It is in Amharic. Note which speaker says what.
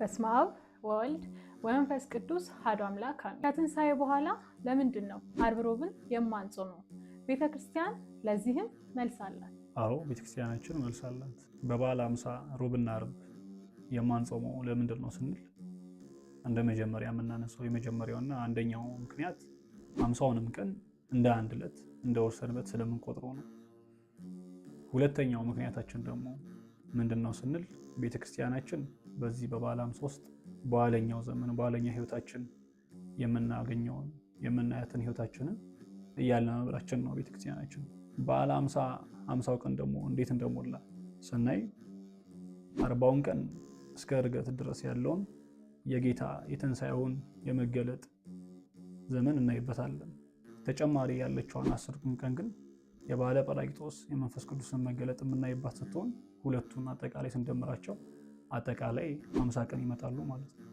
Speaker 1: በስመ አብ ወወልድ ወመንፈስ ቅዱስ ሀዶ አምላክ አሜን። ከትንሣኤ በኋላ ለምንድን ነው ዓርብ ሮብን የማንጾመው? ቤተ ክርስቲያን ለዚህም መልስ አላት።
Speaker 2: አዎ ቤተ ክርስቲያናችን መልስ አላት። በበዓለ ሃምሳ ሮብና ዓርብ የማንጾመው ለምንድን ነው ስንል እንደ መጀመሪያ የምናነሳው የመጀመሪያውና አንደኛው ምክንያት ሃምሳውንም ቀን እንደ አንድ ዕለት እንደ ወሰንበት ስለምንቆጥረው ነው። ሁለተኛው ምክንያታችን ደግሞ ምንድን ነው ስንል ቤተክርስቲያናችን በዚህ በባላም ሶስት ውስጥ በኋለኛው ዘመን በኋለኛው ህይወታችን የምናገኘውን የምናያትን ህይወታችንን እያለ እያለመብራችን ነው ቤተክርስቲያናችን። በዓለ ሃምሳ ሃምሳው ቀን ደግሞ እንዴት እንደሞላ ስናይ አርባውን ቀን እስከ እርገት ድረስ ያለውን የጌታ የትንሣኤውን የመገለጥ ዘመን እናይበታለን። ተጨማሪ ያለችዋን አስርቱን ቀን ግን የባለ ጰራቅሊጦስ የመንፈስ ቅዱስን መገለጥ የምናይባት ስትሆን ሁለቱን አጠቃላይ ስንደምራቸው አጠቃላይ 50 ቀን ይመጣሉ ማለት ነው።